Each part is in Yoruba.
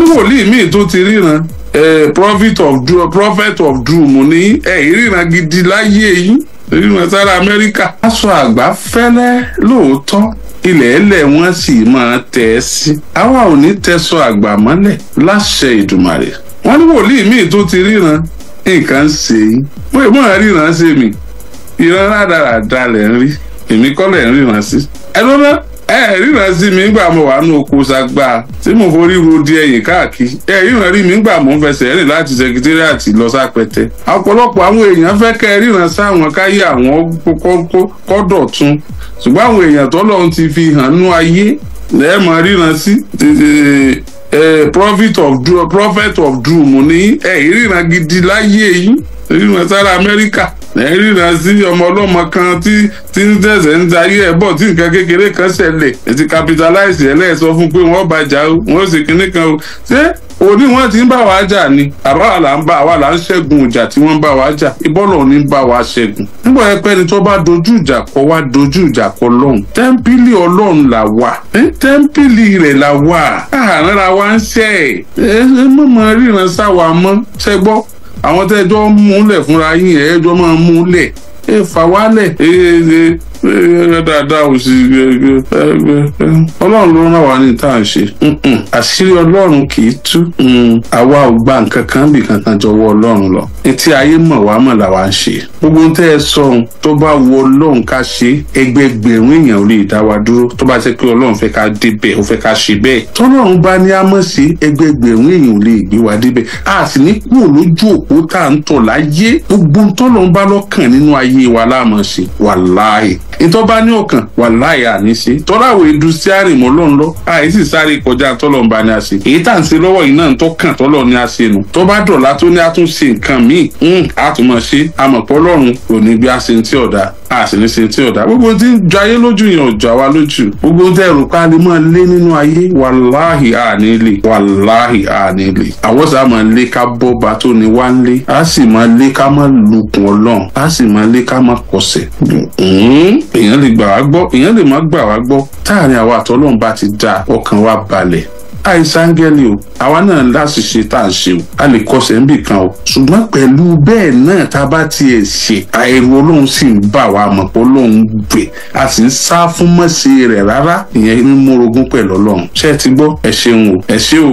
ní wòlíì míì tó ti ríran prophet of doom prophet of doom ní ẹ̀yìn ríran gidi láyé yín ríran sára amẹ́ríkà. aṣọ àgbà fẹ́lẹ́ lóòótọ́ ilẹ̀ ẹlẹ̀ wọ́n sì máa tẹ̀ ẹ́ sí. àwa ò ní tẹ̀sọ àgbà mọ́lẹ̀ láṣẹ ìdùmàrè. wọ́n ní wòlíì míì tó ti ríran nǹkan ṣe yín. wọ́n ìmọ̀ ríran ṣe mí ìran rádaràda lẹ̀ ń rí èmi kọ́ lẹ̀ ń ríran sí. ẹ lọ́nà ẹ ríran sí mi ńgbà wà ní oko sagba tí mo forí ro di ẹ̀yìn káàkiri ẹ ríran rí mi ńgbà mo ń láti sẹkítírìàtì lọ sápẹtẹ. ọ̀pọ̀lọpọ̀ àwọn èèyàn fẹ́ kẹ́ ẹ ríran sáwọn káyé àwọn kọ́dọ̀ àwọn èèyàn tọ́lọ́run ti fi hàn nú ayé lẹ́ẹ̀ ríran sí prophet of doom ẹ ríran sí ọmọ ọlọ́mọ kan tí tí ń tẹ̀sẹ̀ ń darí ẹ̀ bọ̀ tí nǹkan kékeré kan ṣẹlẹ̀ ẹ ti capitalize ẹ̀ lẹ́ẹ̀ sọ fún pé wọ́n bàjá o wọ́n ṣe kinní kan o ṣé òní wọ́n ti ń bá wa jà ni àbá wa là ń bá wa là ń ṣẹ́gun ìjà tí wọ́n ń bá wa jà ìbọ́lọ̀ ní ń bá wa ṣẹ́gun nígbà yẹn pẹ́ni tó bá dojú ìjà kọ wá dojú ìjà kọ lọ́hùn tẹ́ḿpìlì ọlọ́run là wà tẹ́ḿpìlì rẹ̀ là wà àhànàrà wa ń ṣẹ́ ẹ̀ ẹ̀ mọ̀mọ́ ríran sáwa mọ́ ṣẹ́gbọ́ àwọn tẹ́jọ́ múlẹ̀ fúnra yín ẹ̀ẹ́jọ́ máa múlẹ̀ ẹ fà wálẹ̀ ẹ dáadáa ò sí ọlọ́run ló ràn wá ní tá à ń ṣe àṣírí ọlọ́run kì í tú mm. àwa ò gba nǹkan kan bí kankan jọ̀wọ́ ọlọ́run lọ etí ayé mọ̀ wá mọ̀ làwa ń ṣe gbogbo tẹ́ ẹ sọ̀hún tó bá wọ ọlọ́run ká ṣe ẹgbẹgbẹ̀rún èèyàn ò lè dá wa dúró tó bá ṣe pé ọlọ́run fẹ́ ká débẹ̀ ó fẹ́ ká ṣe bẹ́ẹ̀ tọ́lọ́run bá ní àmọ́ sí ẹgbẹgbẹ̀rún èèyàn ò lè gbé wa débẹ̀ a sì ní kúrò lójú òpó tá à ń tọ̀ láyé gbogbo tọ́lọ́run bá lọ́kàn nínú ayé wa láàmọ̀ sí wàláì ìtọ́ bá ní ọkàn wà láì àní ṣe tọ́lá àwọn industriari mọ́ lọ́n lọ àìsí sáré kọjá tọ́lọ̀ ń bá ní a ṣe èyí tá à ń ṣe lọ́wọ́ yìí náà tó kàn tọ́lọ̀ ní a ṣe nù tó bá dọ̀la tó ní a tún ṣe nǹkan míì ń àtúmọ̀ ṣe àmọ̀pọ̀ lọ́run kò ní bí a ṣe ń tí ọ̀dà a sì ní ṣe tí ọ̀dà gbogbo tí ń jayé lójú yẹn ò jà wá lójú gbogbo tẹ ẹrù ká lè máa lé nínú ayé wàláhì àní lè wàláhì àní lè àwọn máa lé ká bọ́ba tó ní wá ń lé a sì máa lé ká máa lukùn ọlọ́run a sì máa lé ká máa kọsẹ̀ èèyàn lè gbà wá gbọ́ èèyàn lè má gbà wá gbọ́ táàrin àwa àtọ́lọ́run bá ti da ọkàn wa balẹ̀ àìsàngẹ́lì o àwa náà láṣìṣe tá à ń ṣe o a lè kọsẹ̀ ń bì kan o ṣùgbọ́n pẹ̀lú bẹ́ẹ̀ náà tá a bá tiẹ̀ ṣe àìrò ọlọ́run sì ń bà wá mọ̀ pé ọlọ́run gbè a sì ń sá fún mọ́ṣe rẹ̀ rárá ìyẹn ń mórogún pẹ̀lú ọlọ́run ṣé ẹ ti gbọ́ ẹ ṣeun o ẹ ṣé o.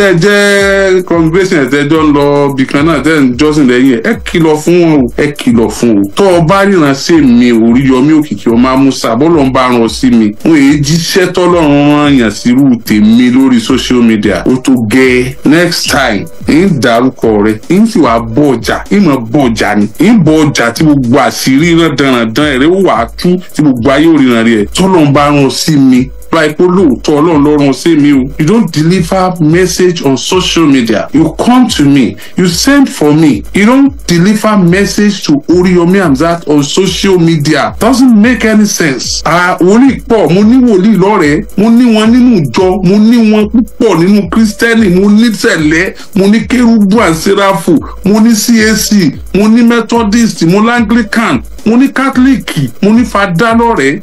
tẹ́ jẹ́ congregation tẹ́ jọ ń lọ bìkan náà tẹ́ ń jọ́sìn lẹ́yìn ẹ̀ ẹ kìlọ̀ fún wọn o ẹ kìlọ̀ fún o tọ́ ọ bá ríran sí mi orí yọmí òkìkí ọmọ amúsà bọ́lọ̀ ń bá ran sí mi wọn èyí jíṣẹ́ tọ́lọ́run rán yàn sírú tèmi lórí social media ó tó gẹ́ next time ń dárúkọ rẹ ń sì wá bọ̀ ọjà ń mọ̀ bọ̀ ọjà ni ń bọ̀ ọjà tí gbogbo àṣírí rán dandan ẹ̀rẹ́ wà á tú tí gbogbo ayé òrìràn rẹ̀ tọ́lọ́run bá ran sí mi láì pé ọlọ́run lọ́rùn sí mi o you don't deliver message on social media you come to me you send for me you don't deliver message to Oriyomi Amzat on social media doesn't make any sense. àwòrán pọ̀ mo ní wòlíì lọ́rẹ̀ẹ́ mo ní wọn nínú ìjọ mo ní wọn púpọ̀ nínú kírísítẹ́nì mo ní tẹ̀lẹ́ mo ní kérúbù and Seraphu. mo ní CAC mo ní methodist mo ní anglican mo ní catholic mo ní fada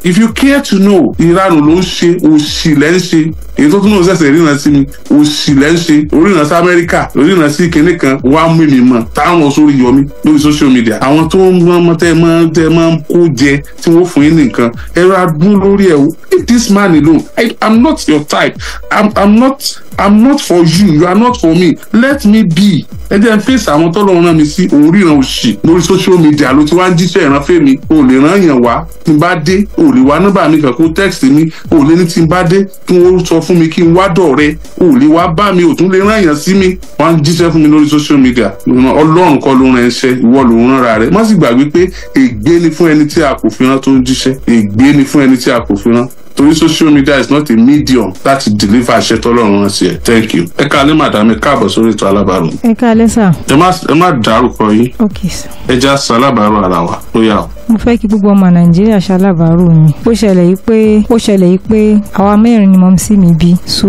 if you care to know ìranù ló ń ṣe òṣì èyí tó túnú sẹ̀sẹ̀ ríran sí mi òṣì oríran sí amẹ́ríkà oríran sí kinní kan wá mú mi mọ̀ táwọn sórí yọ lórí social media àwọn tó ń mọ tẹ́ máa ń tẹ́ máa ń kó jẹ tí wọ́n fún yín nìkan ẹ̀rọ adún lórí ẹ̀ o leave this man alone I, am not your type I'm, I'm not I'm not for you you are not for me let me be ẹ jẹ́ n fèsì àwọn tọ́lọ́run rán mi sí òun ríran lórí social media ló ti wá ń jíṣẹ́ ìránfẹ́ mi o lè rán yàn wá tí n bá dé o lè wá nọ́mbà mi kan kó tẹ́ẹ̀sì mi o lè ní tí n bá dé kí wọ́n sọ fún mi kí n wá dọ̀rẹ́ ò lè wá bá mi ò tún lè rán èèyàn sí mi wọ́n á jíṣẹ́ fún mi lórí social media ọlọ́run kọ́ ló rán ẹṣẹ́ ìwọ ló rán ra rẹ̀ má sì gbàgbé pé ègbé ni fún ẹni tí a kò fi rán tó ń jíṣẹ́ ègbé ni fún ẹni tí a kò fi rán torí social media is not a medium láti deliver àṣẹ tọ́lọ́run rán sí ẹ thank you ẹ káalẹ́ madam ẹ káàbọ̀ sórí ètò alábàárò. ẹ káalẹ́ sà. ẹ má ẹ má dárúkọ yín. ok sà. ẹ já sọ alábàárò ara wa ó yà o. mo fẹ́ kí gbogbo ọmọ nàìjíríà ṣalábàárò mi ó ṣẹlẹ̀ yìí pé ó ṣẹlẹ̀ yìí pé àwa mẹ́rin ni mọ́mísí mi bí so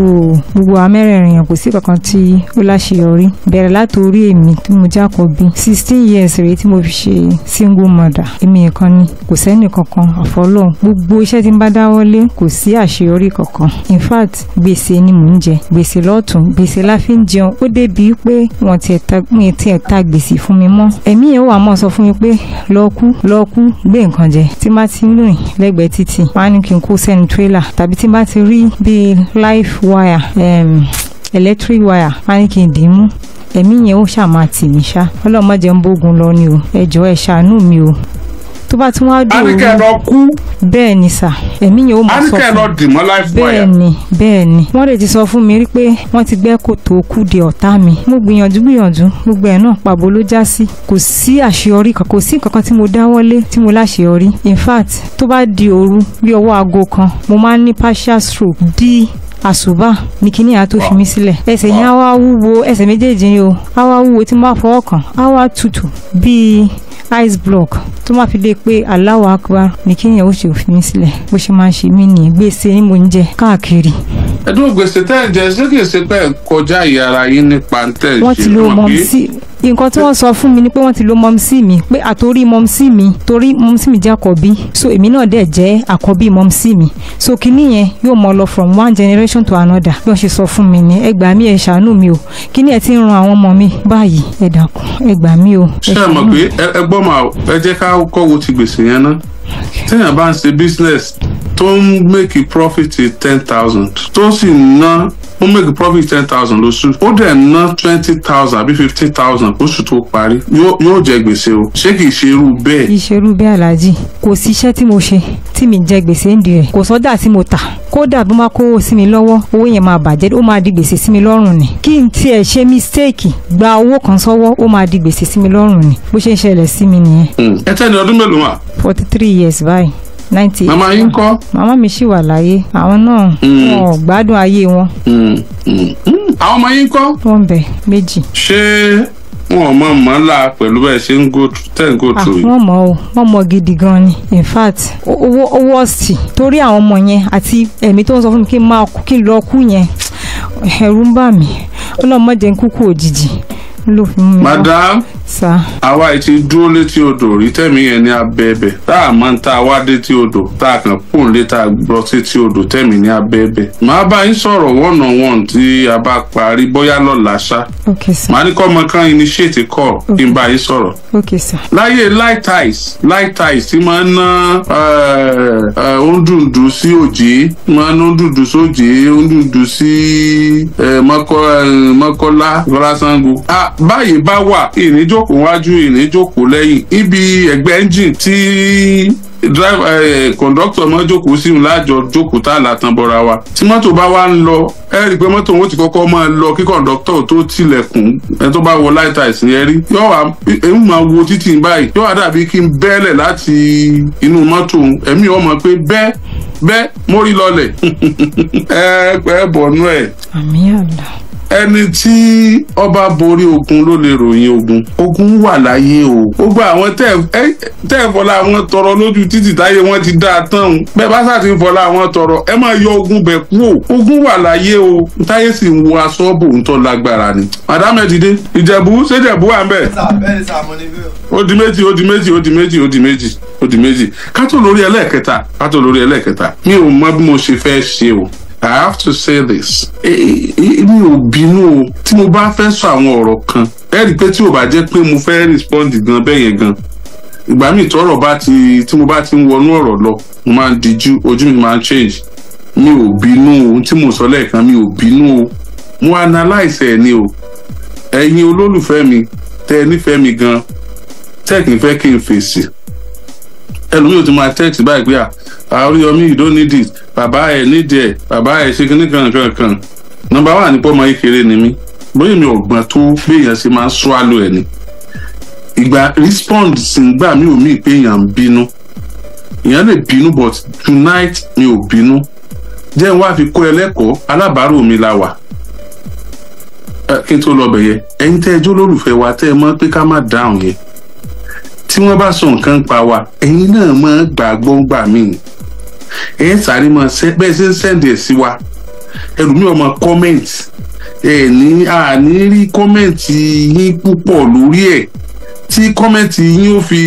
gbogbo àwa mẹ́rẹ̀ẹ̀rin yẹn kò sí kankan tí ó láṣeyọrí bẹ̀rẹ̀ látòrí èmi tí mo jákọ̀ bí sixteen years rèé tí mo fi ṣe single mother èmi nìkan ni kò sẹ́nì kankan àfọlọ́hún gbogbo iṣẹ́ tí n bá dáwọ́lé kò sí àṣeyọrí kankan in fact gbèsè ni mò ń jẹ gbèsè lọ́tún gbèsè la fi ń jẹun ó débi pé wọ́n ti ẹ̀ ta gbèsè fún mi mọ́ ẹ̀mí yẹn wà mọ́ sọ fún mi pé lọ́ọ́kú lọ́ọ́kú gbé nǹkan jẹ tí má ti ń rìn lẹ́gbẹ̀ẹ́ títì wọ́n á kó sẹ́nu tírélà tàbí tí má ti rí bíi life wire um, electric wire wọ́n á ní kí n dì í mú ẹ̀mí yẹn ó ṣàmà tì mí ṣá ọlọ́mọdé ń bógun lọ ni o ẹjọ́ ẹ mi o tó bá tún wá dùn ún àníkẹ́ lọ kú. bẹ́ẹ̀ ni sà ẹ̀mí yẹn ó mọ̀ sọ fún mi àníkẹ́ lọ dì mọ́ life wire. bẹ́ẹ̀ ni bẹ́ẹ̀ ni wọ́n lè ti sọ fún mi rí pé wọ́n ti gbẹ́ kòtò kú de ọ̀tá mi mo gbìyànjú gbìyànjú gbogbo ẹ̀ náà pàbó ló já sí kò sí àṣeyọrí kan kò sí kankan tí mo dáwọ́lé tí mo láṣeyọrí in fact tó bá di òru bí ọwọ́ aago kan mo máa ń ní partial stroke di àṣùbà ní kíní àá tó fi mí sílẹ̀ ẹsẹ̀ yẹn á wá wúwo ẹsẹ̀ méjèèjì ni o á wá wúwo tí mo bá fọwọ́ kàn á wá tutù bíi ice block tó máa fi dé pé Allahu Akbar ní kíyàn ó ṣe òfin mi sílẹ̀ bó ṣe máa ṣe mí ní gbèsè ni mò ń jẹ káàkiri. ẹdun gbèsè tẹ́ ẹ̀ jẹ́ ṣé kìí ṣe pé kọjá ìyára yín nípa tẹ̀ ṣe mọ̀ bí. wọ́n ti lo mọ̀ sí nǹkan tí wọ́n sọ fún mi ni pé wọ́n ti lo mọ́mísì mi pé àtòrí mọ́mísì mi torí mọ́mísì mi jẹ́ àkọ́bí so èmi náà dẹ̀ jẹ́ àkọ́bí mọ́mísì mi so kinní yẹn yóò mọ lọ from one generation to another bí wọ́n ṣe sọ fún mi ni ẹ gbà mí ẹ ṣàánú mi o kinní ẹ ti ń ran àwọn ọmọ mi báyìí ẹ dákun ẹ gbà mí o. ṣé ẹ mọ̀ pé ẹ gbọ́ màá ẹ jẹ́ ká kọ́ ti gbèsè yẹn ná téèyàn bá ń ṣe business tó ń make profit ten thousand tó sì ná ó make profit ten thousand lóṣù ó dẹ̀ ná twenty thousand àbí fifty thousand lóṣù tó parí yóò jẹ gbèsè o ṣé kìí ṣe irú bẹ́ẹ̀. kìí ṣe irú bẹ́ẹ̀ aláàjì kò sí iṣẹ́ tí mo ṣe tí mi jẹ gbèsè ń di rẹ̀ kò sọ́dà tí mo tà kódà bí máa kówó sí mi lọ́wọ́ owó yẹn máa bàjẹ́ ó máa di gbèsè sí mi lọ́rùn ni kí n tiẹ̀ ṣe mistake gba owó kan sọ́wọ́ ó máa di gbèsè sí mi lọ́rùn ni bó ṣe ń ṣẹlẹ̀ sí mi nìyẹn. Hmm. ẹ tẹ́ ni ọdún mélòó wà. forty three years báyìí ninety Mama, màmá yín kọ́. màmá mi ṣì wà láyé àwọn náà hmm. wọn ò gbádùn ayé wọn. Hmm, hmm, àwọn ọmọ yín kọ́. wọ́n bẹ̀ méjì. ṣé wọn ò mọ mọ la pẹ̀lú bẹ́ẹ̀ ṣe ń go ten go to yìí. Ah, wọ́n mọ̀ o wọ́n mọ̀ gidi gan ni in fact o owó ọ̀sì torí àwọn ọmọ yẹn àti ẹ̀mí tó ń sọ fún mi kí n máa kí n lọ kú yẹn ẹ̀rù ń bà mí ọlọ́mọdé ń kúkú òjijì lò fún mi. madam àwa yìí ti dúró létí odò rí tẹ̀mí yẹn ní abẹ́ẹ̀bẹ̀ tá a mọ̀ tá a wá létí odò tá a kàn kó ń lé tá a gbọ́ sétí odò tẹ̀mí ní abẹ́ẹ̀bẹ̀. màá bá yín sọ̀rọ̀ one on one tí a bá parí bóyá lọ́la ṣá. màá ní kọ́ ọmọ kan initiate call kí n bá yín sọ̀rọ̀. láyé light eyes light eyes ti máa ń ná ondundu eh, eh, sí òjì máa ń ondundu sójì ondundu sí eh, mọ́kọ́lá lọ́lá sango. ah báyìí bá wà ìníjókòó wájú ìníjókòó lẹ́yìn ibi ẹ̀gbẹ́ engine tí kọ̀ǹdọ́tọ̀ eh, mọ́ jókòó sí un láàjọ jókòó tá a là tán bọ́ra wa tí mọ́tò bá wá ń lọ ẹ rí i pé mọ́tò wọn ti kọ́kọ́ máa lọ kí kọ̀ǹdọ́tọ̀ tó tilẹ̀kùn ẹ tó bá wọ láìta ìsìn ẹ rí yóò wá èmi máa wo títì báyìí yóò wá dàbí kí n bẹ́ẹ̀lẹ̀ láti inú mọ́tò ẹ̀mí wọn mọ̀ pé bẹ́ẹ̀ bẹ́ẹ̀ mórí lọlẹ̀ ẹ pẹ́ bọ̀nú ẹ̀. àmì ọ̀la ẹni tí ọba borí ogun ló lè ròyìn ogun ogun wà láyé o ó gba àwọn tẹ́ ẹ fọlá àwọn tọrọ lójú títì táyé wọn ti dáa tán o bẹ́ẹ̀ bá sàtì fọlá àwọn tọrọ ẹ máa yọ ogun bẹ̀ kú o ogun wà láyé o táyé sì ń wo aṣọ bò ń tọ́ lágbára ni. madame dìde ìjẹ̀bú ṣèjẹ̀bú wà ń bẹ̀. ó di méjì ó di méjì ó di méjì ó méjì ó méjì kátó lórí ẹlẹ́ẹ̀kẹta kátó lórí ẹlẹ́ẹ̀kẹta mi ò mọ bí mo ṣe fẹ́ ṣe o I have to say this. Èmi e, e, e, ò bínú o. Tí mo bá fẹ́ sọ àwọn ọ̀rọ̀ kan, ẹ rí i pé tí ò bá jẹ́ pé mo fẹ́ respond gan bẹ́ẹ̀ yẹn gan. Ìgbà míì tọ́rọ̀ bá ti tí mo bá ti ń wọnú ọ̀rọ̀ lọ, mo máa ń dijú, ojú mi máa ń change. Mi ò bínú o, tí mo sọ lẹ́ẹ̀kan mi ò bínú o. Mo analyse ẹ̀ ni o. Ẹ̀yin olólùfẹ́ mi, tẹ́ ẹ nífẹ̀ẹ́ mi gan, tẹ́ẹ̀kì fẹ́ kí n fèsì ẹlòmíì ò ti máa text báyìí pé Oríyọmí you don't need it bàbá ẹ̀ nídìí ẹ̀ bàbá ẹ̀ ṣe kíní kankan kan nọmba wà ní pọ́nmọ́ kékeré ni mí bóyá mi ò gbọ́n tó béèyàn ṣe máa ń swallow ẹ̀ ni ìgbà respond sì ń gbà mí ò mí pé èèyàn ń bínú èèyàn lè bínú but tonight mi ò bínú jẹ́ n wá fi kó ẹlẹ́kọ̀ọ́ alábàárò mi la wà kí n tó lọ bẹ̀yẹ ẹ̀yin tẹ́ ẹjọ́ lólùfẹ́ wa tẹ́ ẹ mọ̀ pé ká má dáhùn yẹn tí wọ́n bá sọ nǹkan pa wa ẹ̀yin náà máa gbàgbọ́ gbà míì ẹ sáré mọ bẹ́ẹ̀ ṣe ń sẹ́ǹdì ẹ̀ sí wa ẹlòmíràn mọ kọ́mẹ̀ntì ẹ ní àní rí kọ́mẹ̀ntì yín púpọ̀ lórí ẹ̀ tí kọ́mẹ̀ntì yín ó fi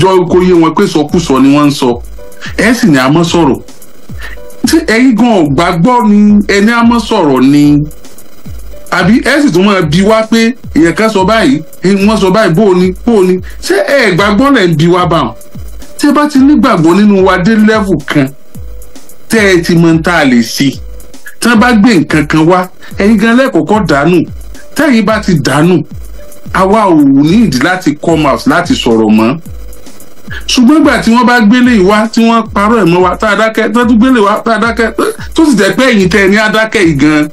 jọ kó yé wọn pé sọkúsọ ni wọ́n ń sọ ẹ sì ní a máa sọ̀rọ̀ tí ẹ̀yin gan gbàgbọ́ ni ẹni a máa ni àbí ẹ sì tún máa bi wá pé èèyàn kan sọ báyìí wọ́n sọ báyìí bóò ni bóò ni ṣé ẹ gbàgbọ́ lẹ̀ ń bi wá bá wọn tí ẹ bá ti nígbàgbọ́ nínú wa dé lẹ́vù kan tẹ́ ẹ ti mọ tá a lè ṣe tí wọ́n bá gbé nǹkan kan wá ẹ̀yin gan lẹ́kọ̀ọ́kọ́ dànù tẹ́yìn bá ti dànù àwa ò ní ìdí láti come out láti sọ̀rọ̀ mọ́ ṣùgbọ́n ìgbà tí wọ́n bá gbélé ìwá tí wọ́n parọ́ ẹ̀ mọ́ wa tá a dákẹ́ tó tún gbélé wa tá a dákẹ́ tó sì jẹ́ ní adákẹ́ ìgan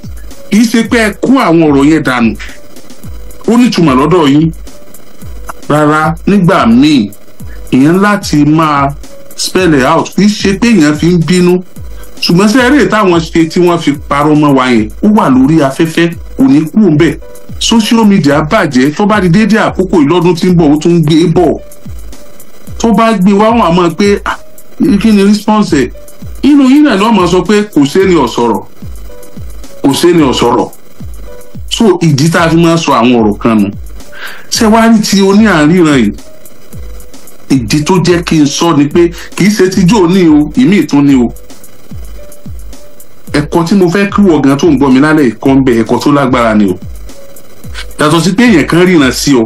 kì í ṣe pé ẹ kó àwọn ọ̀rọ̀ yẹn dànù ó nítumọ̀ lọ́dọ̀ yín rárá nígbà míì èèyàn láti máa spell it out kì í ṣe pé èèyàn fi ń bínú ṣùgbọ́n sí eré táwọn ṣe tí wọ́n fi parọ́ mọ́ wa yẹn ó wà lórí afẹ́fẹ́ kò ní kú ńbẹ̀ social media bàjẹ́ tó bá di déédéé àkókò ìlọ́dún tí ń bọ̀ ó tún ń gbé e bọ̀ tó bá gbé e wá wọn àmọ́ pé ah, kí ni response ẹ̀ inú yín náà lọ́mọ sọ pé kò sẹ́ni ọ̀sọ̀rọ̀ kò sẹ́ni ọ̀sọ̀rọ̀ so ìdí tá a fi máa sọ àwọn ọ̀rọ̀ kan nu ṣé wàá rí ti oní àríran yìí ìdí tó jẹ́ kí n sọ ni pé kì í ṣe tíjọ́ ní o ìmí ìtún ní o ẹ̀kọ́ tí mo fẹ́ kí wọ̀ gan tó ń gbọ́ mi lálẹ́ ẹ̀kọ́ ń bẹ ẹ̀kọ́ tó lágbára ni o yàtọ̀ sí pé èèyàn kan ríran sí ọ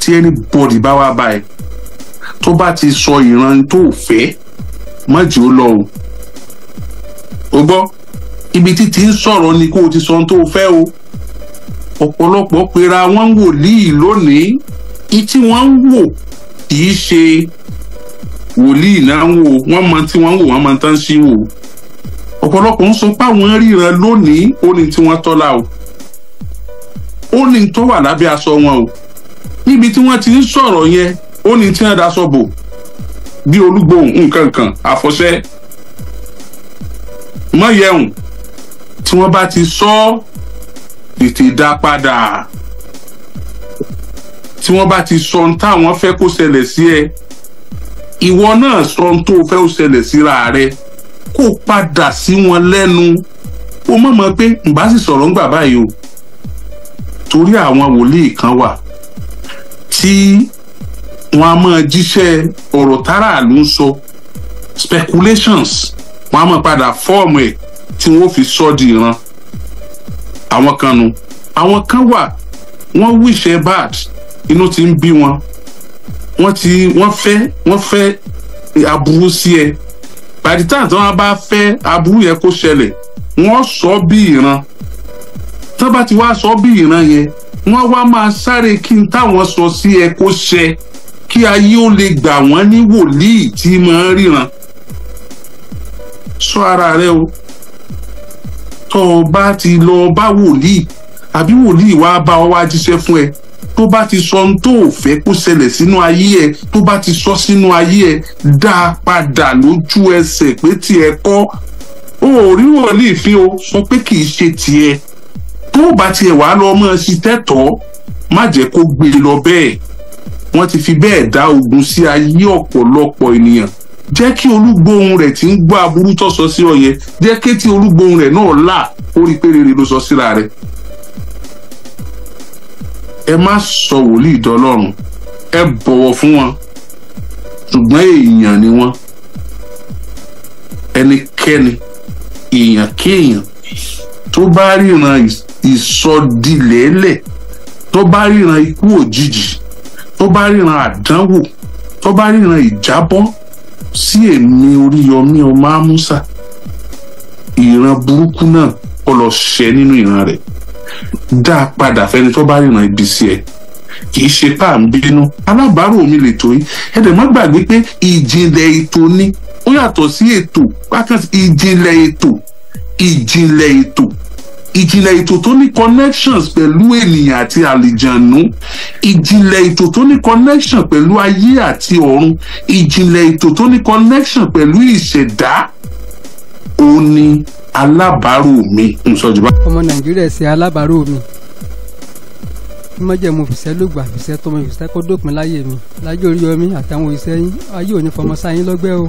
tí anybody bá wá bá ẹ tó bá ti sọ ìran tó fẹ́ má jù ú lọ o o gbọ́ ibi tí ti ń sọ̀rọ̀ ni kó o ti sọ ohun tó o fẹ́ o ọ̀pọ̀lọpọ̀ pera wọn wòlíì lónìí tí wọ́n ń wò kì í ṣe wòlíì náà ń wò wọ́n mọ tí wọ́n ń wò wọ́n mọ tán sí wò ọ̀pọ̀lọpọ̀ ń sọ pé àwọn ríran lónìí ó ní tí wọ́n tọ́lá o ó ní tó wà lábẹ́ aṣọ wọn o níbi tí wọ́n ti ń sọ̀rọ̀ yẹn ó ní tí wọ́n daṣọ bò bí olúgbò nǹkan kan àfọ̀ṣẹ́ mọ̀ yẹun tí wọ́n bá ti sọ tètè dá padà tí wọ́n bá ti sọ ohun táwọn fẹ́ kó ṣẹlẹ̀ sí ẹ ìwọ náà sọ ohun tó fẹ́ kó ṣẹlẹ̀ síra rẹ kó padà sí wọn lẹ́nu ó mọ̀ mọ́ pé ǹbá sì sọ̀rọ̀ ńgbà báyìí o torí àwọn wòlíì kan wà tí wọn a máa jíṣẹ́ ọ̀rọ̀ táráàlú ń sọ speculations wọn a máa padà fọ́ọ̀mù ẹ̀ tí wọ́n fi sọ́ di ìran àwọn kan nu àwọn kan wà wọ́n wíṣẹ́ bad inú ti ń bí wọn wọ́n ti wọ́n fẹ́ wọ́n fẹ́ aburú sí ẹ pàdé tán tí wọ́n bá fẹ́ aburú yẹn kó ṣẹlẹ̀ wọ́n sọ bí ìran tán bá ti wá sọ bí ìran yẹn wọ́n wá máa sáré kí n táwọn sọ sí ẹ kó ṣẹ kí ayé ó lè gbà wọ́n ní wòlíì tí máa ń ríran sọ ara rẹ o tó o bá ti lọ bá wòlíì àbí wòlíì wá bá ọ wá jíṣẹ́ fún ẹ tó bá ti sọ ohun tó o fẹ́ kó ṣẹlẹ̀ sínú ayé ẹ tó bá ti sọ sínú ayé ẹ dá a padà lójú ẹsẹ̀ pé tiẹ̀ kọ́ o ò rí wòlíì fi o sọ pé kì í ṣe tiẹ̀ tó o bá tiẹ̀ wá lọ ọmọ ṣi tẹ́tọ̀ọ́ má jẹ́ kó gbé e lọ bẹ́ẹ̀ wọ́n ti fi bẹ́ẹ̀ dá ogun sí ayé ọ̀pọ̀lọpọ̀ ènìyàn jẹ́ kí olúgbóhùn rẹ̀ tí ń gbọ́ aburú tó sọ sí ọ yẹn jẹ́ kí tí olúgbóhùn rẹ̀ náà là ó rí pé rere ló sọ síra rẹ̀ ẹ má sọ wòlíì dọlọ́run ẹ bọ̀wọ̀ fún wọn ṣùgbọ́n èèyàn ni wọ́n ẹnikẹ́ni èèyàn kéèyàn tó bá ríran ìsọdilẹ̀ẹ́lẹ̀ tó bá ríran ikú òjijì tó bá ríran àdánwò tó bá ríran ìjábọ́ sí èmi Oríyọmí ọmọ Àmúsà ìran burúkú náà kó lọ ṣẹ nínú ìran rẹ̀ dá a padà fẹ́ni tó bá ríran ibi sí ẹ kì í ṣe pa à ń bínú alábàárò mi lè tó yín ẹ dẹ̀ má gbàgbé pé ìjìnlẹ̀ ètò ni ó yàtọ̀ sí ètò ìjìnlẹ̀ ètò ìjìnlẹ̀ ètò ìjìnlẹ̀ ètò tó ní connections pẹ̀lú ènìyàn àti àlìjànú ìjìnlẹ̀ ètò tó ní connections pẹ̀lú ayé àti ọ̀run ìjìnlẹ̀ ètò tó ní connections pẹ̀lú ìṣẹ̀dá ó ní alábàárò mi. ọmọ nàìjíríà ṣe alábàárò mi mọ̀jẹ̀mú òfìsẹ́ ló gbà òfìsẹ́ tọmọ òfìsẹ́ kó dópin láyé mi lájọ́ orí ọmí àtàwọn òfìsẹ́ yín ayé òní fọmọ sáyín lọ́gbẹ́ o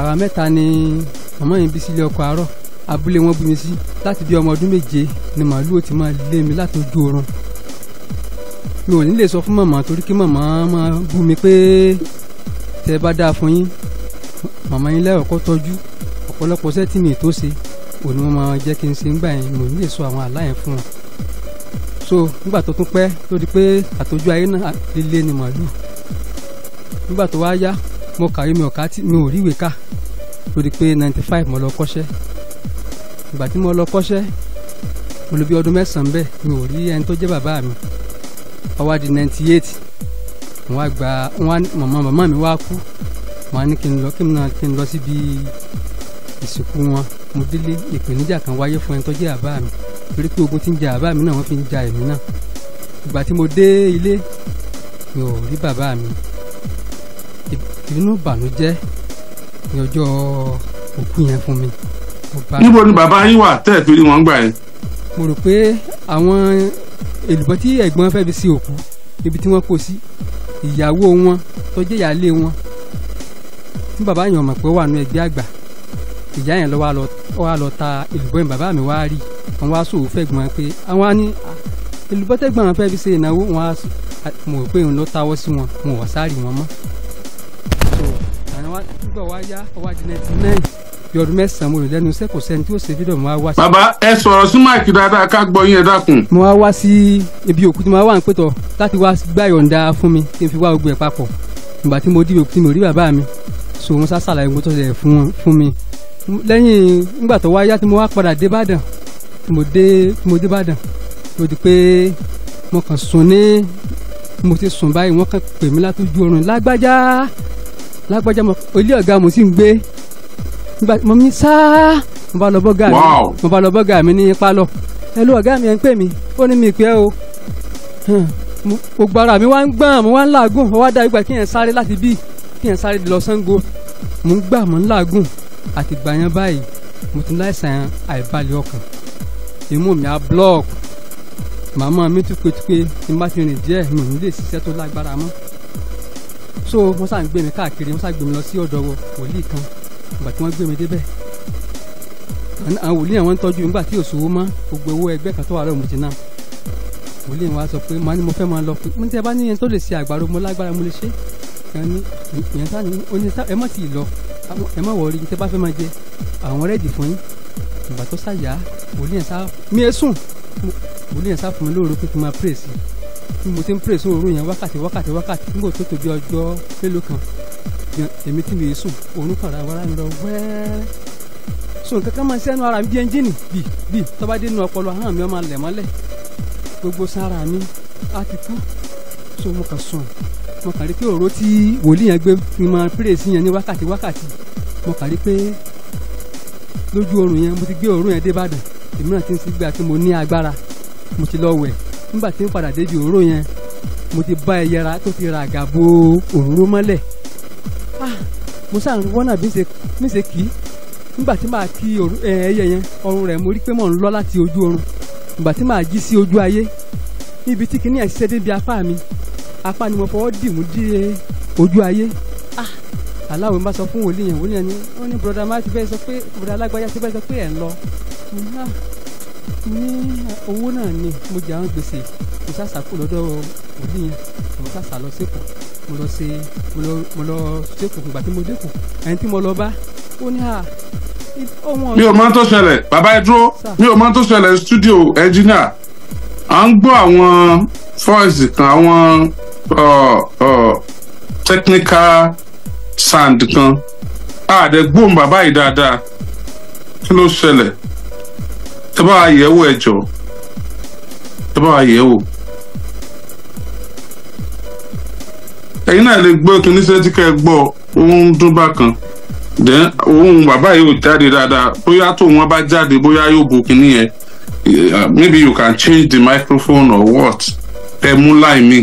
àwa mẹ́ta ni màmá yìí bí sílé ọkọ̀ àárọ̀ abúlé wọn bí mi sí láti bí ọmọ ọdún méje ni màálùú ti máa lé mi láti ojú oorun mi ò ní lè sọ fún màmá torí kí màmá máa bú mi pé tẹ bá dáa fún yín màmá yín lẹ́ọ̀kọ́ tọ́jú ọ̀pọ̀lọpọ̀ iṣẹ́ tó ṣe òní wọn máa jẹ́ kí n ṣe ńgbà yẹn mo ní lè sọ àwọn àlá yẹn fún wọn so nígbà tó tún pẹ́ tó di pé àtọ́jú ayé náà líle ni màálù nígbà tó wá yá mo kàwé mi ò rí ìwé ká lórí pé ninety five mo lọ kọ́ṣẹ́ ìgbà tí mo lọ kọ́ṣẹ́ mo lò bí ọdún mẹ́sàn-án bẹ́ẹ̀ mi ò rí ẹni tó jẹ́ bàbá mi ó di ninety eight wọ́n á gba màmá màmá mi wá kú wọ́n á ní kí n lọ kí n náà kí n lọ síbi ìsìnkú wọn mo délé ìpèníjà kan wáyé fún ẹni tó jẹ́ bàbá mi torí pé ogun tí ń ja bàbá mi náà wọ́n fi ń ja èmi náà ìgbà tí mo dé ilé mi ò rí bàbá mi ìbínú bànújẹ́ ní ọjọ́ òkú yẹn fún mi níbo ni bàbá yín wà tẹ́ ẹ̀ fi rí wọn gbà yẹn. mo rò pé àwọn èlùbọ́ tí ẹ̀gbọ́n fẹ́ fi sí òkú ibi tí wọ́n kó sí ìyàwó wọn tó jẹ́ ìyáálé wọn tí bàbá yẹn mọ̀ pé wà nù ẹgbẹ́ àgbà ìyá yẹn lọ wá lọ ta èlùbọ́ yẹn bàbá mi wá rí àwọn wá sòwò fẹ́gbọ́n wọn pé àwọn á ní èlùbọ́ tẹ́gbọ́n wọn fẹ́ fi ṣe ìnáwó wọn á mọ̀ pé òun ló táwọ́ sí wọn wọn ò wá sáré wọn mọ́. so àwọn wá gbọ́ wá yá ọwọ́ àdínẹ́tì náà fi ọdún mẹ́sàn-án mo lò lẹ́nu iṣẹ́ kò sẹ́ni tí ó ṣe fídíò mo wá wá sí. bàbá ẹ sọ̀rọ̀ sí máìkì dáadáa ká gbọ́ yín ẹ dákun. mo wá wá sí ibi òkú tí mo wá ń pètò láti wá gbà yọ̀ǹda fún mi kí n fi wá gbogbo ẹ̀ papọ̀ ìgbà tí mo dìbò tí mo rí bàbá mi so mo sá ṣàlàyé mo tó ṣẹlẹ̀ fún mi lẹ́yìn nígbà tó wáyá tí mo wá padà dé Ìbàdàn tí mo dé tí mo dé Ìbàdàn mo di pé mo kàn sùn ní mo ti sùn báyìí wọ́n kàn pè mí látọjú oorun lágbájá lágbájá ilé ọ̀gá mo sì ń gbé mo ní sáá mo bá lọ bọ́gà mi mo bá lọ bọ́gà mi ní pálọ̀ ẹ ló ọ̀gá mi ẹ̀ ń pè mí ó ní mi pẹ́ o gbogbo mi wá ń gbọ́n mo wá ń làágùn ó wá dá ìgbà kí sáré láti bí kí sáré lọ Ṣàngó mo ń gbà mo ń làágùn àti gbà yẹn báyìí mo ti láìsàn àìbalẹ̀ ọkàn imú mi á block màmá mi túpetúpe tí n bá ti rìn díẹ̀ mi ò ní lè ṣiṣẹ́ tó lágbára mọ́ so wọ́n ṣàgbé mi káàkiri wọ́n ṣàgbé mi lọ sí ọ̀dọ̀ wòlíì kan ìgbà tí wọ́n gbé mi débẹ̀ àwọn wòlíì àwọn ń tọ́jú nígbà tí òṣòwò mọ́ gbogbo owó ẹgbẹ́ kan tó wà lọ́wọ́ mo ti ná wòlíì wa sọ pé màá ni mo fẹ́ máa lọ pé mo ti ẹ bá ní yẹn tó lè ṣe àgbàro mo lágbára mo lè ṣe yẹn ní yẹn sáà ní oní ẹ má ti lọ ẹ má wọrí ní tẹ bá fẹ́ máa jẹ àwọn rẹ́ẹ̀dì fún yín ìgbà tó ṣàyà wòlíì yẹn sá mi ẹ sùn wòlíì yẹn sá fún mi lóòrò pé kí n máa praise bí mo ti ń praise òru yẹn wákàtí wákàtí wákàtí nígbà tó tó bí ọjọ́ mélòó kan gan èmi tí mi sùn òun kàn ra ń lọ wẹ́ẹ́rẹ́ so nǹkan kan máa ṣe ẹnu ara mi bí ẹnjìnì bì bì tó bá dé inú ọpọlọ ahọ́n mi ó máa lẹ̀ mọ́lẹ̀ gbogbo sára mi á ti kú so mo kàn sùn mo kàn rí pé òró tí wòlíì yẹn gbé fi máa pírèsì yẹn ní wákàtí wákàtí mo kàn rí pé lójú oorun yẹn mo ti gbé òórùn yẹn dé Ìbàdàn èmi náà ti ń sígbà pé mo ní agbára mo ti lọ wẹ̀ nígbà tí ń padà débi òórùn yẹn mo ti bá ẹyẹra tó ti ra àgàbò òróró mọ́lẹ̀ mo ń wọ́nà bí mi ṣe kì í nígbà tí màá kí ẹyẹ yẹn ọrùn rẹ̀ mo rí pé mò ń lọ láti ojú oorun nígbà tí màá jí sí ojú ayé níbi tí kinní ẹ̀ ṣiṣẹ́ débi apá mi apá ni mo fọwọ́ dì mú dí ojú ayé ah aláwo bá sọ fún wòlíì yẹn wòlíì yẹn ni wọ́n ní broda máa ti fẹ́ sọ pé broda alágbájá ti fẹ́ sọ pé ẹ̀ ń lọ ah, ní owó náà ni mo jẹ àwọn gbèsè mo sàṣà kú lọ́dọ̀ wòlíì yẹn mo sàṣà lọ sí Èkó mo lọ ṣe mo lọ mo lọ ṣèkùn ìgbà tí mo dẹ́kun ẹni tí mo lọ bá ó ní à mi ò mọ tó ṣẹlẹ̀ bàbá ẹ dúró mi ò mọ tó ṣẹlẹ̀ studio engineer à ń gbọ́ àwọn voice kan àwọn technical sound kan àdẹ́gbóhùn bàbá yìí dáadáa kí ló ṣẹlẹ̀ ẹ bá yẹ̀wò ẹ jọ ẹ bá yẹ̀wò. ẹ̀yin náà lè gbọ́ kí oníṣẹ́jú kẹ́ gbọ́ ohun dún bákan then ohun bàbá yìí ò jáde dáadáa bóyá tó wọn bá jáde bóyá yóò bo kinní yẹn eh, maybe you can change the microphone or what ẹ mú láì mi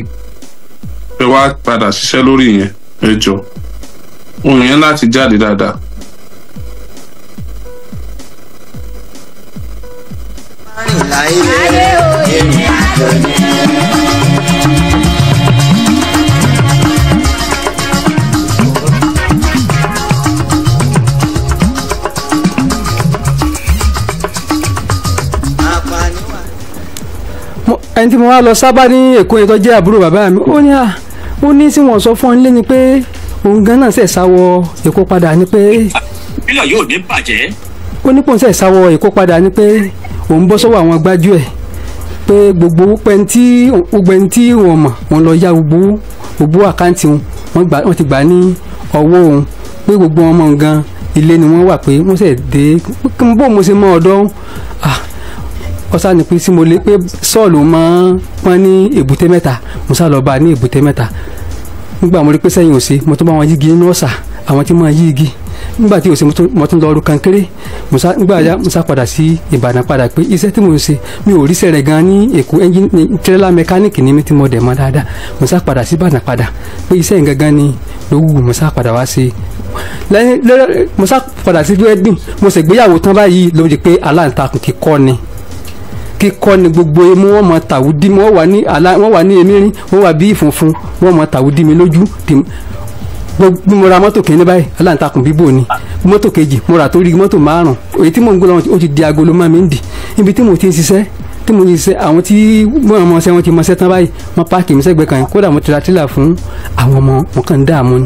ẹ wá padà ṣiṣẹ́ lórí yẹn ẹ jọ ohun yẹn láti jáde dáadáa. láyé o. ẹni tí mo wá lọ sábà ní èkó yẹn tó jẹ́ àbúrò bàbá mi ó ní à ó ní tí wọ́n sọ fún ọ nílé ni pé òun gan náà ṣẹ̀ sáwọ èkó padà ni pé. pílọ̀ yóò ní bàjẹ́. ó ní pòun ṣẹ̀ sáwọ èkó padà ni pé òun bọ́ sọ́wọ́ àwọn gbájú ẹ̀ pé gbogbo pẹ́ntì gbogbo ẹni tí mọ̀ wọ́n lọ ya gbogbo gbogbo àkáǹtì wọn wọ́n ti gbà ní ọwọ́ òun pé gbogbo ọmọ gan ilé ni wọ́n wà pé wọ́n ṣẹ̀ dé bó mo ṣe mọ ọ̀dọ́ ọ̀sá ni pé tí mo lè pé sọ́ọ̀lù máa ń pọ́n ní èbúté mẹ́ta mo sá lọ bá a ní èbúté mẹ́ta nígbà mo rí pé sẹ́yìn òsè mo tún bá wọn yígi nínú ọ̀sà àwọn tí máa yí igi nígbà tí òsè mo tún lọ ru kankéré nígbà yá mo sá padà sí Ìbàdàn padà pé iṣẹ́ tí mo ń ṣe mi ò ríṣẹ́ rẹ̀ gan ní Èkó ẹ́ńjìnì tírélà mẹkáníìkì ní mi tí mo dẹ̀ mọ́ dáadáa mo padà sí Ìbàdàn padà pé iṣẹ́ yẹn gangan ni lówù mo sá padà wá sí lẹ́yìn mo sá padà sí wedding mo sì gbéyàwó tán báyìí ló di pé aláǹtakùn kíkọ́ ni kíkọ́ ni gbogbo emu wọ́n mọ tàwùdí mi wọ́n wà ní àlá wọ́n wà ní emirin wọ́n wà bí ìfunfun wọ́n mọ tàwùdí mi lójú tèmi gbogbo mo ra mọ́tò kìíní báyìí aláǹtakùn bíbò ni mọ́tò kejì mo rà tó rí mọ́tò márùn èyí tí mò ń gbọ́ lọ́wọ́ ó ti di agolo mọ́ mi ń dì ibi tí mo ti ń ṣiṣẹ́ tí mo ti ṣiṣẹ́ àwọn tí wọ́n mọ ṣẹ́ wọ́n ti mọ ṣẹ́ tán báyìí wọ́n páàkì mi sẹ́gbẹ̀ẹ́ kan kódà mo ti ra fún àwọn ọmọ mo kàn ń dààmú ni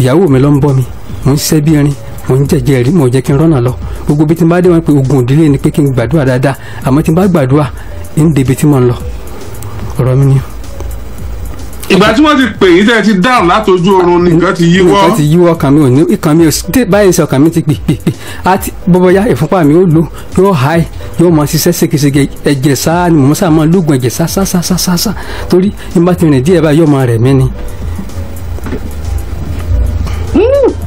ìyàwó mi ló ń bọ́ mi mo ń ṣiṣẹ́ bí irin mo ń jẹjẹ rí mo jẹ kí n rọnà lọ gbogbo bí tí n bá dé wọn pé ogun ìdílé ni pé kí n gbàdúrà dáadáa àmọ́ tí n bá gbàdúrà ń débi tí mo ń lọ ọ̀rọ̀ mi ni. ìgbà tí wọ́n ti pè yín tẹ́ ti dáhùn látọjú oorun nìkan ti yíwọ́. nìkan ti yíwọ́ ọkàn mi ò ní ìkàn mi ò sí báyìí sọ ọkàn mi ti pèpèpè àti bọ́bọ́ yá ìfúnpá mi ó lo yóò háì yóò mọ ṣiṣẹ́ ségesège ẹ̀jẹ̀ sáá ni mò ń lóògùn ẹ̀jẹ̀ sáá torí ìbá ti rìn díẹ̀ báyìí yóò máa rẹ̀ mí ni. Hmm.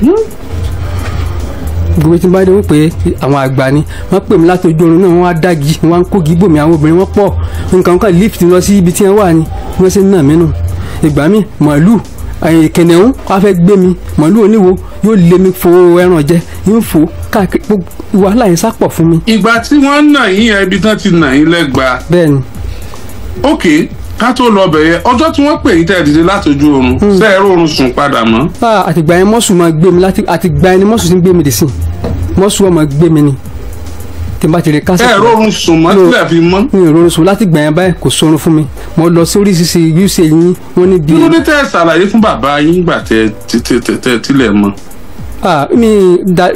gbogbo tí n bá dé wò pé àwọn àgbà ni wọ́n pè mí látọjú oorun náà wọ́n á dági wọ́n á kó gígbò mi àwọn obìnrin wọ́n pọ̀ nǹkan kan lift lọ sí ibi tí wọ́n wà ni wọ́n ṣe ń nà mí nù ìgbà mi màálù kẹnẹ̀hún wàá fẹ́ gbé mi màálù oníwo yóò lé mi fo ẹran jẹ yóò fò káàkiri wàhálà yẹn sápọ̀ fún mi. ìgbà tí wọ́n ń nà yín ibi tán ti nà yín lẹ́gba. bẹ́ẹ̀ni. ok ká tó lọ bẹ̀ yẹn ọjọ́ tí wọ́n pè yín tẹ́ dìde láti ojú oorun ṣe é rọrùn sùn padà mọ́. àtìgbà yẹn mọ́sù máa gbé mi láti àtìgbà yẹn ni mọ́sù ti ń gbé mi dì sí mọ́sù wọn gbé mi ni tí n bá ti lè kásẹ̀. ẹ rọrùn sùn mọ́ tílẹ̀ fi mọ́. mi ò rọrùn sùn láti gbà yẹn báyìí kò sórun fún mi mo lọ sí oríṣiríṣi uca yín wọ́n ní bíi. kí ló ẹ ṣàlàyé fún bàbá yín gbà tẹ́ tẹ́ tilẹ̀ mọ́ ah mi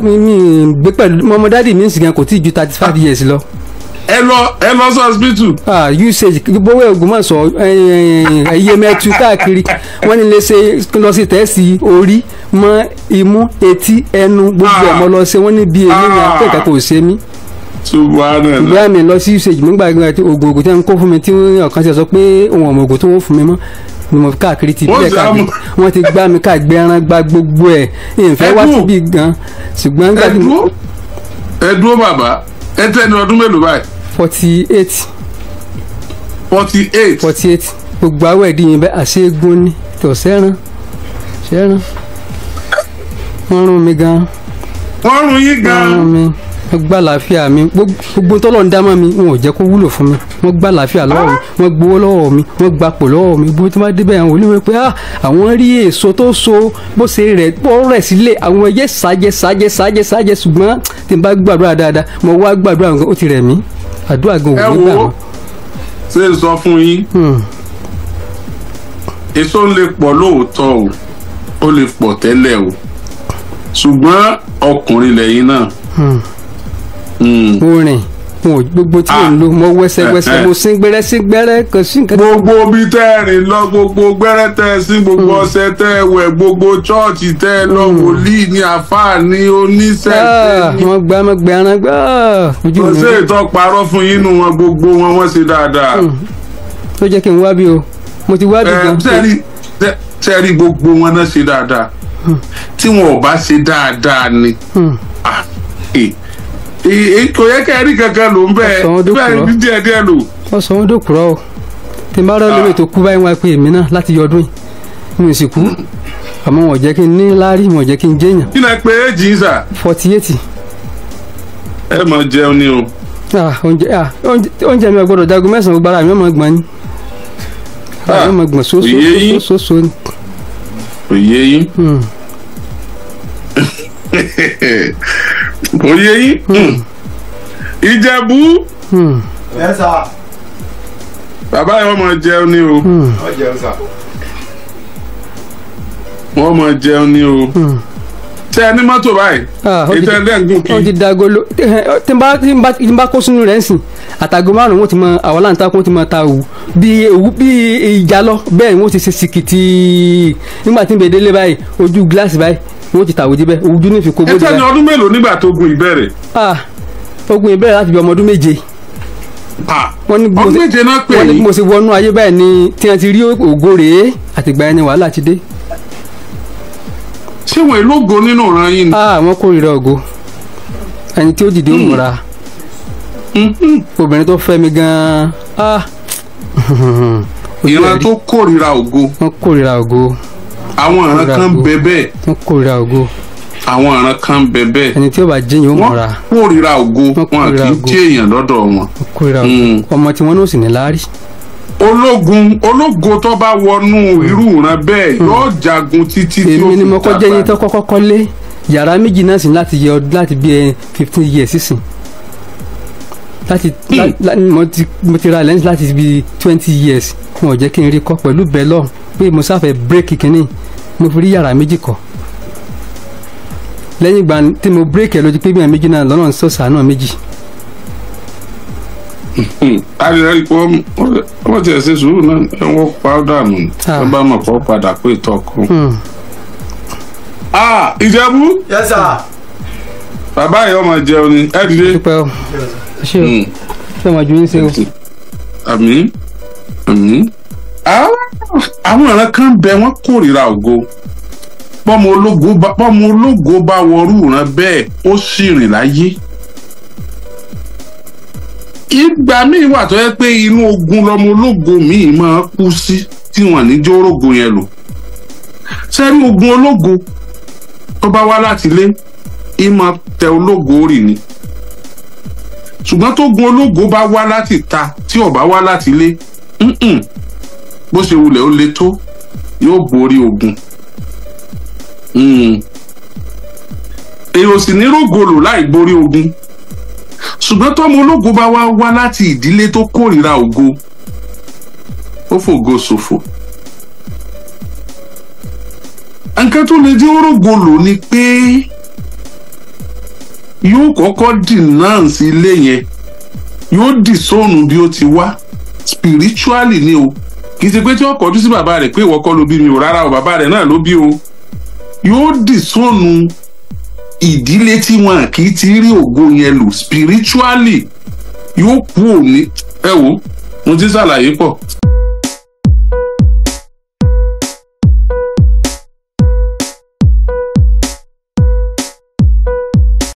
mi mi gbé pẹ̀lú mọ́mọ́ mi ń sìgàn kò tí ju thirty five years lọ ẹ lọ ẹ lọ sí hospital. ah usage bówó Ògbómọ̀ṣọ́ ẹyẹmẹtu káàkiri wọ́n ní lè ṣe lọ sí tẹ́sí orí mọ́ imú etí ẹnu gbogbo ọmọ lọ ṣe wọ́n ní bí èyí ni akẹ́kọ̀ọ́ kò ṣe mí ìgbà mi lọ sí usage mo ń gbàgbé oògùn oògùn tí wọ́n kó fún mi tí ọ̀kan ṣe sọ pé òun ọmọ oògùn tó wọ́n fún mi mọ́ ni mo fi káàkiri ti bílẹ̀ káàkiri wọ́n ti gbá mi káàgbé ẹran gba gbogbo ẹ̀ ìfẹ́ wá síbi gan ṣùgbọ́n. ẹ dúró bàbá ẹ tẹ́ ní ọdún mélòó báyìí forty eight. forty eight. forty eight gbogbo awọ ẹ̀dí yẹn bẹ́ẹ̀ àṣeégún ni tó sẹ́ran sẹ́ran wọ́n rún mi gan. wọ́n rún yín gan. wọ́n rún mi wọ́n gbà láàfíà mi gbogbo tọ́lọ̀ ń dá mọ́ mi wọn ò jẹ́ kó wúlò fún mi wọ́n gbà láàfíà lọ́wọ́ mi wọ́n gbowó lọ́wọ́ mi wọ́n gbapò lọ́wọ́ mi bó ti máa débẹ̀ àwọn onímọ̀ pé ah àwọn rí èso tó so bó ṣe rẹ̀ bó rẹ̀ sílẹ̀ àwọn ẹyẹ sájẹ sájẹ sájẹ sájẹ ṣùgbọ́n tí n bá gbàdúrà dáadáa mo wá gbàdúrà nǹkan ó ti rẹ̀ mí àdúrà gan òun nígbà mọ́. ẹ wo ṣé n sọ fún yín hmm. èso lè pọ̀ lóòótọ́ o ó lè pọ̀ tẹ́lẹ̀ o ṣùgbọ́n ọkùnrin lẹ́yìn náà. Hmm. Hmm. orin mo gbogbo tí mo ah. ń lo mo wẹsẹ eh, wẹsẹ eh. mo sín gbẹrẹ sí gbẹrẹ kan sí nǹkan. gbogbo bí tẹ́ ẹ rìn lọ gbogbo gbẹrẹ tẹ́ ẹ sí gbogbo hmm. ọṣẹ tẹ́ ẹ wẹ̀ gbogbo chọọchì tẹ́ ẹ lọ hmm. wòlíì ní àfáàní oníṣẹ. Ah, wọn gba wọn gba ẹran gbọ. Ah, kò sí ètò parọ́ fún yín nu wọn gbogbo wọn wọ́n ṣe dáadáa. tó hmm. jẹ́ kí n wá bí o mo ti wá bí eh, gan. sẹ́ẹ̀rì gbogbo wọn náà ṣe dáadáa tí wọn ò bá ṣe dáadáa ni kò yẹ kẹ́ rí kankan ló ń bẹ́ẹ̀ bẹ́ẹ̀ ní díẹ̀ díẹ̀ lò. wọ́n sọ wọ́n dòkúrọ́ o tí n bá rẹ́ lórí ètò kú báyìí wọn pe èmi náà láti yọ ọdún yìí mi ò sì kú àmọ́ wọn ò jẹ́ kí n ní láárí wọn ò jẹ́ kí n jẹ́yàn. kí lẹ pé éjì ń sà. forty eight. ẹ mọ jẹun ni o. Ah, ah, oúnjẹ mi ò gbọ́dọ̀ jagun mẹ́sàn-án gbogbo ara mi ò mọ gbọ́n ni ara mi ò mọ gbọ́n sóso ni. òye yín. Hmm. oyè yín hmm. Hmm. ìjẹ̀bú hmm. bàbá yìí wọ́n mọ̀ jẹun ní o wọ́n mọ̀ jẹun ní o ṣe ẹni mọ́tò báyìí ètò ah, ẹ̀dẹ́ ń gùn kí. ó ti dagolo tí n bá tí n bá kó sínú rẹ̀ ń sìn àtàgọ́ márùn-ún wọn ti mọ àwọn láǹtà kó ti mọ ta òwú bí òwú bí ìjà lọ bẹ́ẹ̀ ni wọ́n ti ṣe sìkìtì nígbà tí n bèdélé báyìí ojú gíláàsì báyìí wọ́n ti tàwé jíbẹ́ ojú ní fi kó bó jẹ́. ẹ tẹ́ni ọdún mélòó nígbà tó ogun ìbẹ̀rẹ̀. ogun ìbẹ̀rẹ̀ láti bí ọmọ ọdún méje. ọdún méje náà pè é. wọ́n ní mo ṣe wọnú ayé báyìí ni tí wọ́n ti rí ògo rèé àtìgbà ẹni wàhálà ti dé. ṣé wọn èlò ògo nínú ọ̀ràn yín ni. àwọn kórìíra ògo ẹni tí ó dìde ó hmm. múra hmm. obìnrin tó fẹ́ mi gan-an. ìran tó kórìíra ògo. wọ́n kórìíra ògo àwọn ìran kan bẹ bẹ́ẹ̀. wọ́n kórìíra ògo. àwọn ìran kan bẹ bẹ́ẹ̀. ẹni tí ó bá jẹyìn ó mọ̀ra. wọ́n kórìíra ògo wọn kì í jẹ́ èèyàn lọ́dọ̀ wọn. kórìíra ògo ọmọ tí wọ́n náà sì ní láárí ológun ológo tó bá wọnú hmm. irú ìran bẹ́ẹ̀ hmm. yóò jagun títí tí ó fi tàbá. èmi ni mo kọ́ jẹ́ tó kọ́kọ́ kọ́lé yàrá méjì náà sì láti yẹ ọdún láti bí eh, fifteen years sísìn láti hmm. mo ti ra lẹ́yìn láti bí twenty years wọn ò jẹ́ kí n rí kọ́ pẹ̀lú bẹ́ẹ̀ lọ pé mo sáfẹ́ break kínní mo fi rí yàrá méjì kọ́ lẹ́yìn ìgbà tí mo bírèkì ẹ̀ lójú pé bí ẹ̀ méjì náà lọ́nà sọ̀sà náà méjì. àríyá ikú ọmọ tí ẹ ṣe sùúrù náà ẹ wọ́n pàdà mù ah. ẹ bá mọ̀ kọ́ padà pé ìtọ́ kan. Hmm. Ah, ìjẹ́bú bàbá yìí ọmọ jẹun ni ẹ dìde. ṣé o hmm. ṣé o máa ju yín ṣe o. àmín àmín. Ah, àwọn ìran kan bẹ wọ́n kórìíra ògo pọ́mọ ológo bá wọrú ìran bẹ́ẹ̀ ó sì rìn láyé ìgbà míì wà tó yẹ pé inú ogun lọmọ ológo míì máa kú sí tí wọ́n ní jórógo yẹn lò sẹ́rí ogun ológo tó bá wá láti ilé ìmọ̀ tẹ ológo rì ni ṣùgbọ́n tó gun ológo bá wá láti ta tí ò bá wá láti ilé bó ṣe wulẹ̀ ó le tó yóò borí ogun hmm. èèyàn sì ní rògbòlò láì borí ogun ṣùgbọ́n tọ́mọ ológo bá wá wá láti ìdílé tó kórìíra ògo ó fògo ṣòfò nǹkan tó lè dín rògbòlò ni pé yóò kọ́kọ́ denounce ilé yẹn yóò dìsọ́nù bí ó ti wá spiritually ni o kì í ṣe pé tí wọ́n kọjú sí bàbá rẹ̀ pé ìwọ kọ́ ló bí mi ò rárá o bàbá rẹ̀ náà ló bí o yóò dìsọ́nù ìdílé tí wọn kì í ti rí ògo yẹn lò spiritually yóò kú òní ẹ wo mo ti ṣàlàyé pọ̀.